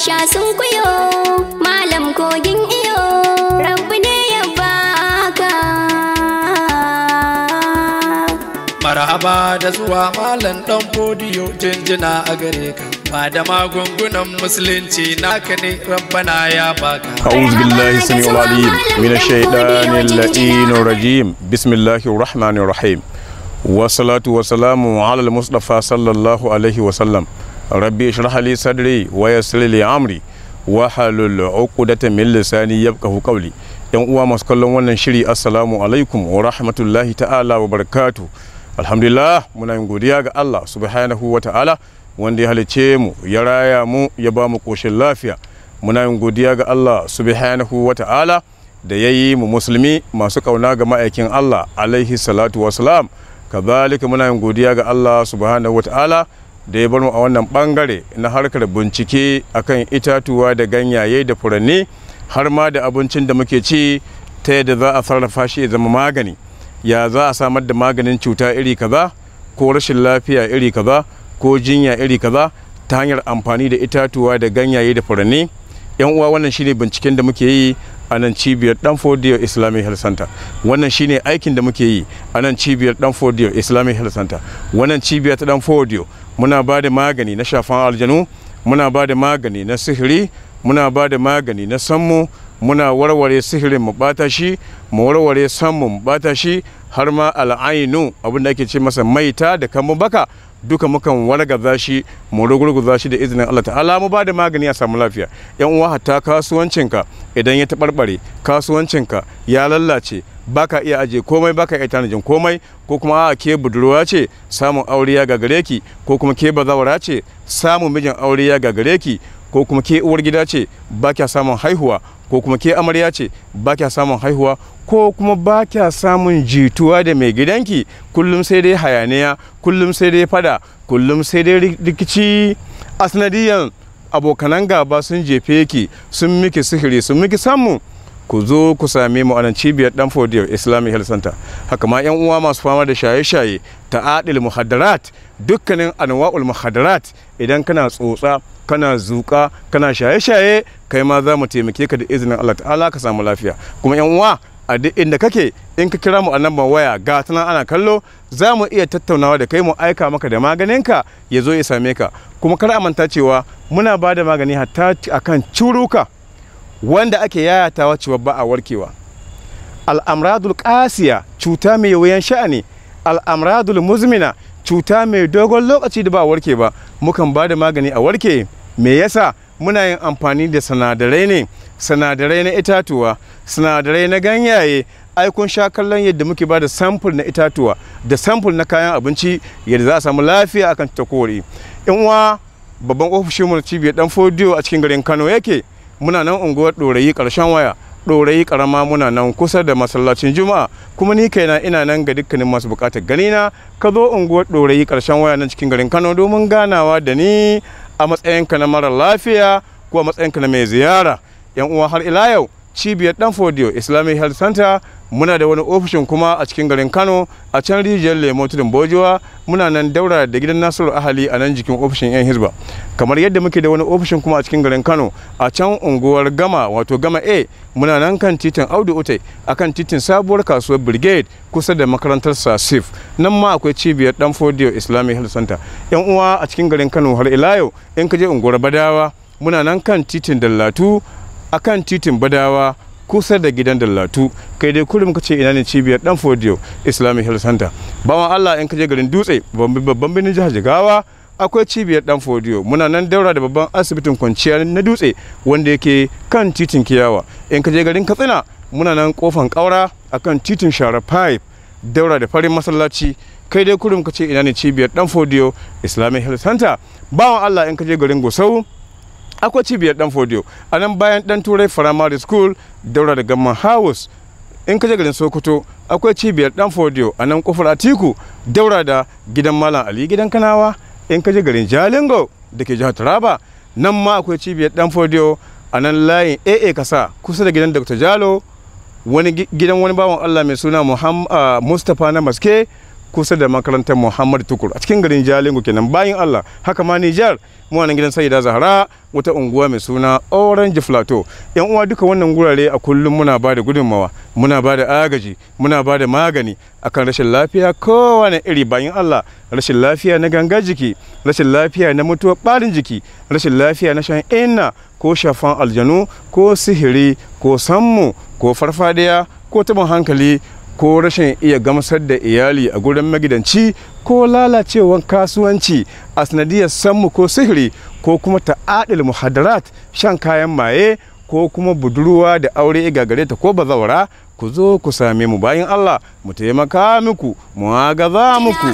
sha sun kuyo malam kogin iyo rabu ne ya baka marhaba da zuwa malam dan bodiyo jinjina a gare ka ba da magungunan musulunci naka ne rabbana ya baka a'udhu billahi samiul alim minash shaitanir la'inir rajim bismillahir rahmanir rahim wasalatu wasalamu ala al-mustafa sallallahu alaihi wasallam rabbi shrah li sadri wa yassir li amri wa halul uqdata min lisani yafqahu qawli yan uwa masu kallon wannan shiri assalamu alaikum wa rahmatullahi ta'ala wa barakatuh alhamdulillah muna yin godiya ga Allah subhanahu wa ta'ala wanda ya halice mu ya raya mu ya ba mu koshin lafiya muna yin godiya ga Allah subhanahu wa ta'ala da ya yi mu musulmi masu kauna ga ma'aikin Allah alaihi salatu wasalam kazalika muna yin godiya ga Allah subhanahu wa ta'ala da ya bar mu a wannan bangare na harkar bincike akan itatuwa da ganyaye da furanni har ma da abincin da muke ci ta yadda za a sarrafa shi ya zama magani ya za a samar da maganin cuta iri kaza ko rashin lafiya iri kaza ko jinya iri kaza ta hanyar amfani da itatuwa da ganyaye da furanni yan uwa wannan shine binciken da muke yi a nan cibiyar Danfodiyo Islamic Health Center wannan shine aikin da muke yi a nan cibiyar Danfodiyo Islamic Health Center wannan cibiyar ta Danfodiyo muna ba da magani na shafan aljanu muna ba da magani na sihiri muna ba da magani na sammu muna warware sihirin mu bata shi mu warware sammu mu bata shi har ma al'ainu abin da ake ce masa maita da kamun baka duka mukan wargaza shi mu rugurguza shi da izinin Allah ta'ala mu ba da magani a samu lafiya yan uwa hatta kasuwancinka idan ya taɓarɓare kasuwancinka ya lallace baka iya aje komai baka iya tanajin komai ko kuma a ke budurwa ce samun aure ya gagare ki ko kuma ke bazawara ce samun mijin aure ya gagare ki ko kuma ke uwar gida ce ba samun haihuwa ko kuma ke amarya ce ba samun haihuwa ko kuma baka kya samun jituwa da mai gidanki kullum sai dai hayaniya kullum sai dai fada kullum sai dai rikici a sanadiyan abokanan gaba sun jefe ki sun miki sihiri sun miki samu ku zo ku same mu a nan cibiyar fodiyar islamic health center haka ma yan uwa masu fama da shaye-shaye ta adil muhadarat dukkanin anwa'ul muhadarat idan kana tsotsa kana zuka kana shaye-shaye kai ma za mu taimake ka da izinin allah ta'ala ka samu lafiya kuma yan uwa a duk inda kake in ka kira mu a nan waya ga tana ana kallo za mu iya tattaunawa da kai mu aika maka da maganinka ya zo ya same ka kuma kar a manta cewa muna ba da magani hatta akan curuka wanda ake yayatawa cewa ba a warkewa al'amradul ƙasiya cuta mai wuyan sha'ani al'amradul muzmina cuta mai dogon lokaci da ba a warke ba mukan ba da magani a warke me yasa muna yin amfani da sinadarai ne sinadarai na itatuwa sinadarai na ganyaye ai kun sha kallon yadda muke ba da samfur na itatuwa da samfur na kayan abinci yadda za a samu lafiya akan ta kori in wa babban ofishin mu cibiyar dan fodiyo a cikin garin kano yake muna nan unguwar ɗorayi ƙarshen waya ɗorayi ƙarama muna nan kusa da masallacin juma'a kuma ni kaina ina nan ga dukkanin masu buƙatar na ka zo unguwar ɗorayi ƙarshen waya nan cikin garin kano domin ganawa da ni a matsayinka na mara lafiya ko a matsayinka na mai ziyara yan uwa har ila yau cibiyar danfodiyo islamic health center muna da wani ofishin kuma a cikin garin kano a can rijiyar lemo tudun bojuwa muna nan daura da gidan nasiru ahali a nan jikin ofishin yan hizba kamar yadda muke da wani ofishin kuma a cikin garin kano a can unguwar gama wato gama a muna nan kan titin audu utai akan titin sabuwar kasuwar brigade kusa da makarantar sasif nan ma akwai cibiyar dan fodiyo islamic health center yan uwa a cikin garin kano har ila yau in ka je unguwar badawa muna nan kan titin dallatu akan titin badawa kusa da gidan dallatu kai dai kullum kace ina ne cibiyar dan fodiyo islamic health center bawan allah in kaje garin dutse babban birnin jihar jigawa akwai cibiyar dan fodiyo muna nan daura da babban asibitin kwanciya na dutse wanda yake kan titin kiyawa in kaje garin katsina muna nan kofan kaura akan titin shara pipe daura da farin masallaci kai dai kullum kace ina ne cibiyar dan fodiyo islamic health center bawan allah in kaje garin gusau akwai cibiyar dan fodiyo a nan bayan dan turai firamare school daura da gamman house in ka garin sokoto akwai cibiyar dan fodiyo a nan kofar atiku daura da gidan malam ali gidan kanawa in ka garin jalingo da ke jihar taraba nan ma akwai cibiyar dan fodiyo a nan layin aa kasa kusa da gidan dr jalo wani gidan wani bawan allah mai suna ah, mustapha na maske kusa da makarantar Muhammad Tukur a cikin garin Jalingo kenan bayan Allah haka ma Nijar mu nan gidan Sayyida Zahra wata unguwa mai suna Orange Plateau yan uwa duka wannan gurare a kullum muna ba da gudunmawa muna ba da agaji muna ba da magani akan rashin lafiya kowane iri bayan Allah rashin lafiya na ganga jiki rashin lafiya na mutuwar barin jiki rashin lafiya na shan inna ko shafan aljanu ko sihiri ko sammu ko farfadiya ko taɓin hankali ko rashin iya gamsar da iyali a gurin magidanci ko lalacewar kasuwanci a sanadiyar sanmu ko sihiri ko kuma ta'adil muhadarat shan kayan maye ko kuma budurwa da aure gare ta ko bazawara ku zo ku same mu bayan Allah mu taimaka muku mu agaza muku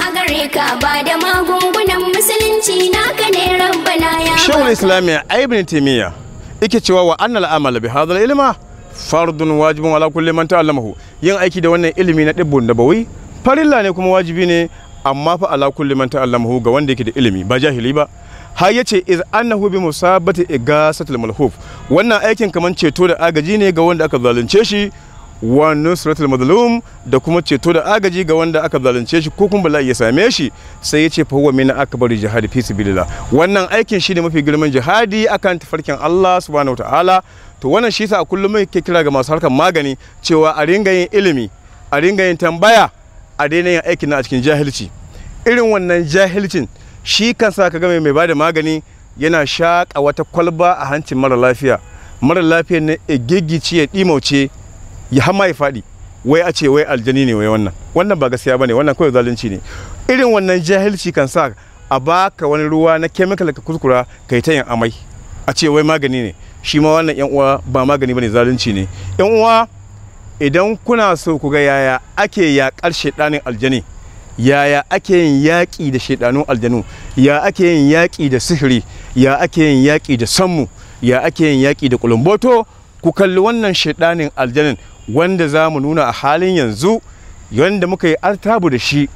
Wani islamiyya aibin taimiyya ike cewa wa annal amala bi hadal ilma fardun wajibin ala kulli man ta'allamahu yin aiki da wannan ilimi na dibbun da bawai farilla ne kuma wajibi ne amma fa ala kulli man ta'allamahu ga wanda yake da ilimi ba jahili ba har yace iz annahu bi musabati igasatil malhuf wannan aikin kaman ceto da agaji ne ga wanda aka zalunce shi wannan suratul mazlum da kuma ceto da agaji ga wanda aka zalunce shi ko kuma bala ya same shi sai ya ce fa huwa min akbar jihad fi sabilillah wannan aikin shine mafi girman jihadi akan tafarkin Allah subhanahu wataala to wannan shi yasa kullum muke kira ga masu harkar magani cewa a ringa yin ilimi a ringa yin tambaya a daina yin aikin a cikin jahilci irin wannan jahilcin shi kansa ka ga mai bada magani yana shaƙa wata kwalba a hancin mara lafiya mara lafiya na egegici ya dimauce ya hama ya faɗi wai a ce wai aljani ne wai wannan wannan ba gaskiya bane wannan kawai zalunci ne irin wannan jahilci kan sa a baka wani ruwa na chemical ka kuskura kai ta yin amai a ce wai magani ne shi ma wannan yan uwa ba magani bane zalunci ne yan uwa idan kuna so ku ga yaya ake yaƙar shaidanin aljani yaya ake yin yaƙi da shedanun aljanu ya ake yin yaƙi da sihiri ya ake yin yaƙi da sammu ya ake yin yaƙi da kulumboto ku kalli wannan shedanin aljanin wanda za mu nuna a halin yanzu yadda muka yi artabu da shi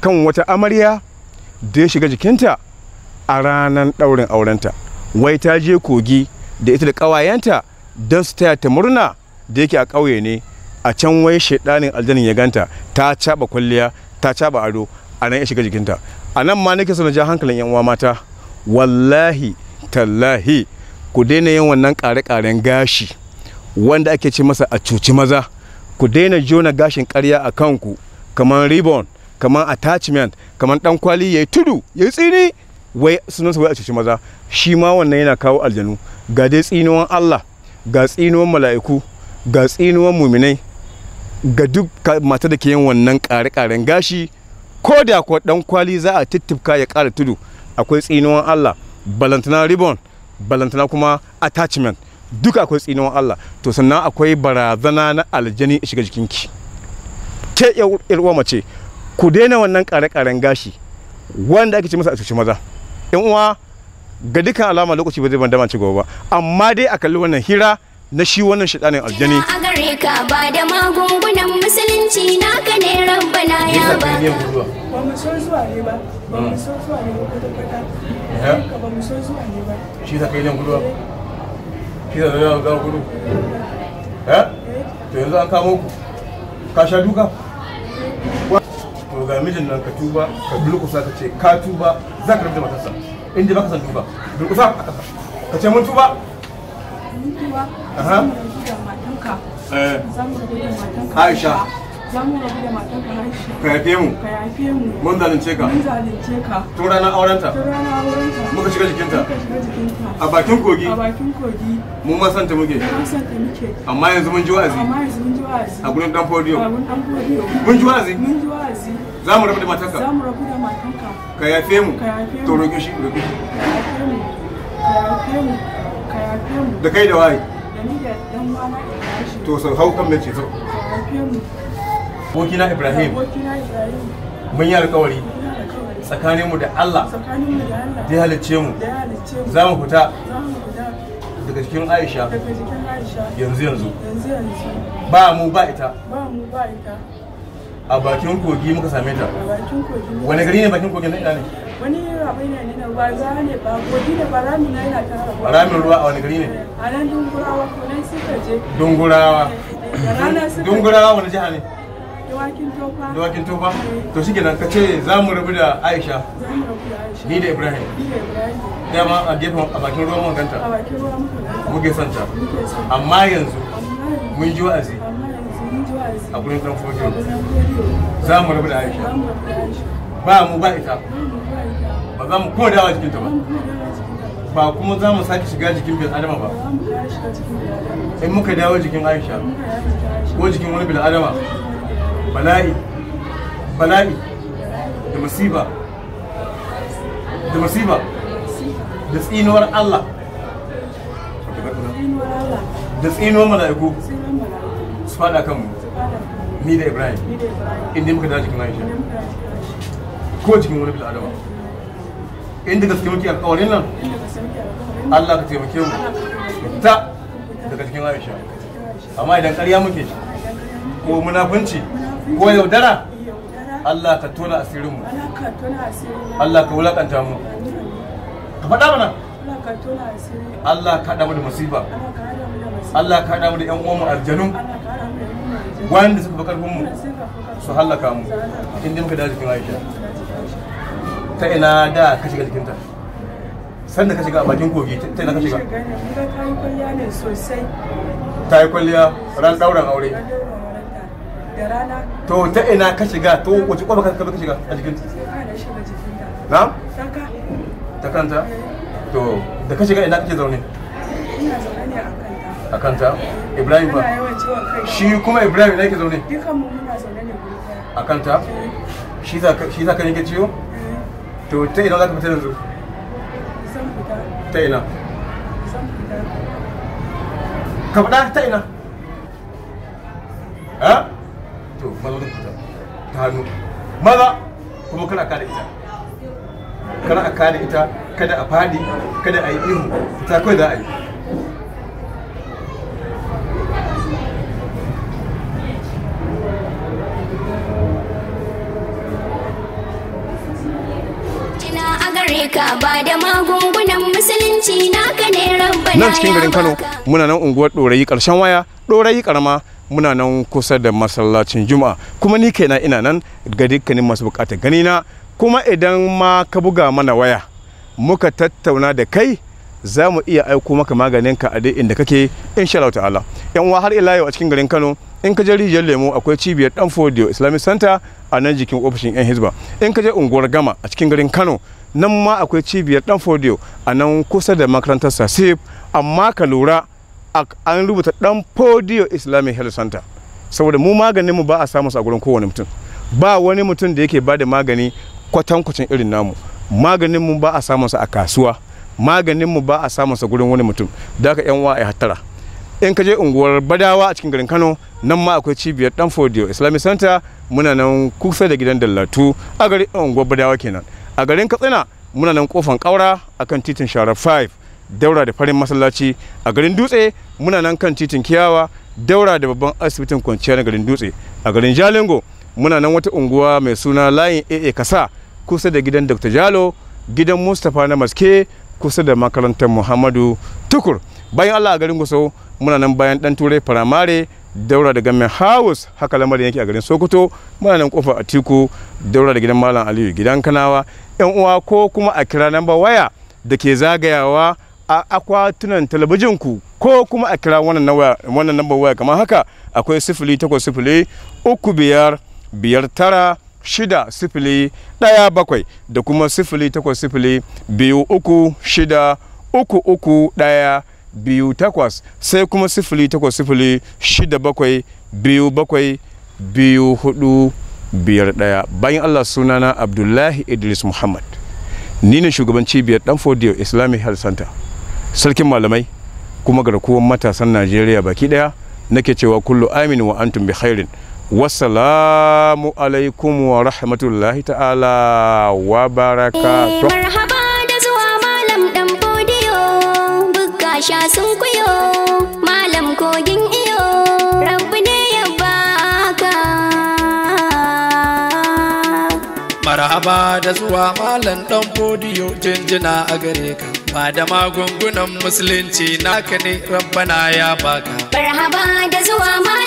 kan wata amarya da ya shiga jikinta a ranar ɗaurin aurenta wai ta je kogi da ita da ƙawayenta don su taya ta murna da yake a ƙauye ne a can wai shaidanin aljanin ya ganta ta caba kwalliya ta caba ado a nan ya shiga jikinta a nan ma nake na ja hankalin yan uwa mata wallahi tallahi ku daina yin wannan ƙare-ƙaren gashi wanda ake ce masa a cuci maza ku daina jona gashin karya a kanku kamar ribbon kamar attachment kamar dan kwali yayi tudu yayi tsini wai sa wai a cuci maza shi ma wannan yana kawo aljanu ga dai tsinuwan Allah ga tsinuwan mala'iku ga tsinuwan muminai ga duk mata da ke yin wannan kare-karen gashi ko da kuwa dan kwali za a tittifka ya kara tudu akwai tsinuwan Allah balantana ribbon balantana kuma attachment duka akwai tsinuwan Allah to sannan akwai barazana na aljani shiga jikinki ke yar uwa mace ku daina wannan kare-karen gashi wanda ake ce masa a cuci maza yan uwa ga dukkan alama lokaci ba zai ban dama ci gaba ba amma dai a kalli wannan hira na shi wannan shaɗanin aljani a gare ka ba da magungunan musulunci ne rabbana ya ba ba mu so zuwa ne ba ba mu hmm. so zuwa ne ba kwata-kwata eh? ba mu so zuwa ne ba shi ta kai nan gudu kisa zai zama zara kudu eh to yanzu an kamo ku ka sha duka to ga mijin nan ka tuba ka durkusa ka ce ka tuba za ka rubuta matarsa inda baka san tuba durkusa a ƙasa ka ce mun tuba mun tuba za mu rubuta matanka Aisha Za mu rabu da matan ka haishi. Ka haife mu. Ka haife mu. Mun zalunce ka. Mun zalunce ka. Tun ranar ta. Tun ranar aurenta. Muka shiga jikinta. Muka shiga jikinta. A bakin kogi. A bakin kogi. Mu ma santa muke. Mu santa muke. Amma yanzu mun ji wa'azi. Amma yanzu mun ji wa'azi. A gurin dan fodiyo. A gurin dan fodiyo. Mun ji wa'azi. Mun ji wa'azi. Za mu rabu da matan ka. Za mu rabu da matan ka. Ka haife mu. Ka haife mu. To roƙe shi roƙe shi. Ka haife mu. Ka haife mu. Ka haife mu. Da kai da waye. Da ni da dan uwana. To sau hau kan mace sau. Ka haife mu. Bokina Ibrahim. Mun yi alkawari. Tsakaninmu da Allah. Da ya halicce mu. Za mu fita. Daga cikin Aisha. Yanzu yanzu. Ba mu ba ita. A bakin kogi muka same ta. Wani gari ne bakin kogi na ina ne? Wani rabai ne na gwaza ne ba kogi ne ba ramin na yana tara. Ramin ruwa a wani gari ne? Eh, a nan dungurawa ko nan suka je. Dungurawa. Eh, dungurawa wani jiha ne? dawakin tofa eh. to shi gina ka ce za mu rabu da aisha ni da ibrahim dama a gefen a bakin ruwan mun ganta muke santa amma yanzu mun ji wa'azi a gurin kan fojo za mu rabu da aisha ba mu ba ita ba za mu kuma dawa jikinta ba ba kuma za mu sake shiga jikin bil adama ba in muka dawo jikin aisha ko jikin wani bil adama bala'i bala'i da masiba da masiba da tsinuwar Allah da tsinuwar mala'iku su fada kanmu ni da Ibrahim inda muka dace kan Aisha ko cikin wani bil'adama inda gaske muke alƙawarin nan Allah ka taimake mu ta daga cikin Aisha amma idan ƙarya muke ko munafunci ko yaudara Allah ka tona asirin mu Allah ka wulakanta mu ka faɗa mana Allah ka haɗa mu musiba Allah ka haɗa mu da ƴan uwanmu aljanu wanda suka fi karfin mu su hallaka mu inda muka da jikin Aisha ta ina da ka shiga jikinta sanda ka shiga a bakin kogi ta ina ka shiga ta yi kwalliya ran ɗauran aure da rana to ta ina ka shiga to wace kwaba ka ka shiga a jikin na ta kanta eh. to da ka shiga ina kake zaune ina zaune ne a kanta a kanta ibrahim ba shi kuma ibrahim na yake zaune dukan mu muna zaune ne a kanta eh. shi za ka shi za ka yanke ciwo eh. to ta ina za ka fita yanzu ta ina ka faɗa ta ina hannu maza kuma kana kada ita kana a kada ita kada a fadi kada a yi ihu ta kawai za a yi nan cikin garin Kano muna nan unguwar ɗorayi ƙarshen waya dorayi karama muna nan kusa da masallacin juma'a kuma ni kaina ina nan ga dukkanin masu bukatar gani na kuma idan ma ka buga mana waya muka tattauna da kai za mu iya aiko maka maganin ka a inda kake insha Allah ta'ala yan uwa har ila yau a cikin garin Kano in ka je rijiyar lemo akwai cibiyar dan fodio islamic center a nan jikin ofishin yan hizba in ka je unguwar gama a cikin garin kano nan ma akwai cibiyar dan fodio a nan kusa da makarantar sasif amma ka lura an rubuta dan podio islamic health center saboda mu maganin mu ba a samu a gurin kowane mutum ba wani mutum da yake da magani kwatan kwatankwacin irin namu maganin mu ba a samu a kasuwa maganin mu ba a samu sa gurin wani mutum da ka yan wa'a hattara in ka je unguwar badawa a cikin garin kano nan ma akwai cibiyar dan podio islamic center muna nan kusa da gidan dallatu a garin unguwar badawa kenan a garin katsina muna nan kofan kaura akan titin shara 5 daura da farin masallaci a garin dutse muna nan kan titin kiyawa daura da babban asibitin kwanciya na garin dutse a garin jalingo muna nan wata unguwa mai suna layin aa kasa kusa da gidan dr jalo gidan mustapha na maske kusa da makarantar muhammadu tukur bayan allah a garin gusau muna nan bayan dan turai Faramare daura da gamin house haka lamarin yake a garin sokoto muna nan kofar atiku daura da gidan malam aliyu gidan kanawa yan uwa ko kuma a kira namba waya da ke zagayawa a akwatunan talabijin ku ko kuma a kira wannan namba waya kamar haka akwai sifili takwas sifili uku biyar biyar tara shida sifili ɗaya bakwai da kuma sifili takwas sifili biyu uku shida uku uku ɗaya biyu takwas sai kuma sifili takwas sifili shida bakwai biyu bakwai biyu hudu biyar ɗaya bayan allah sunana abdullahi idris muhammad ni ne shugaban cibiyar danfodiyo islamic health center sarkin malamai kuma garkuwar matasan najeriya baki daya nake cewa kullu amin wa antum bi khairin wasalamu alaikum wa rahmatullahi ta'ala wa baraka. Eh, marhaba da zuwa malam dan bodiyo sun kuyo malam kogin iyo rabbi ne ya baka marhaba da zuwa malam dan jinjina a gare ka ba da magungunan musulunci naka ne rabbana ya baka. Barhaba da zuwa ma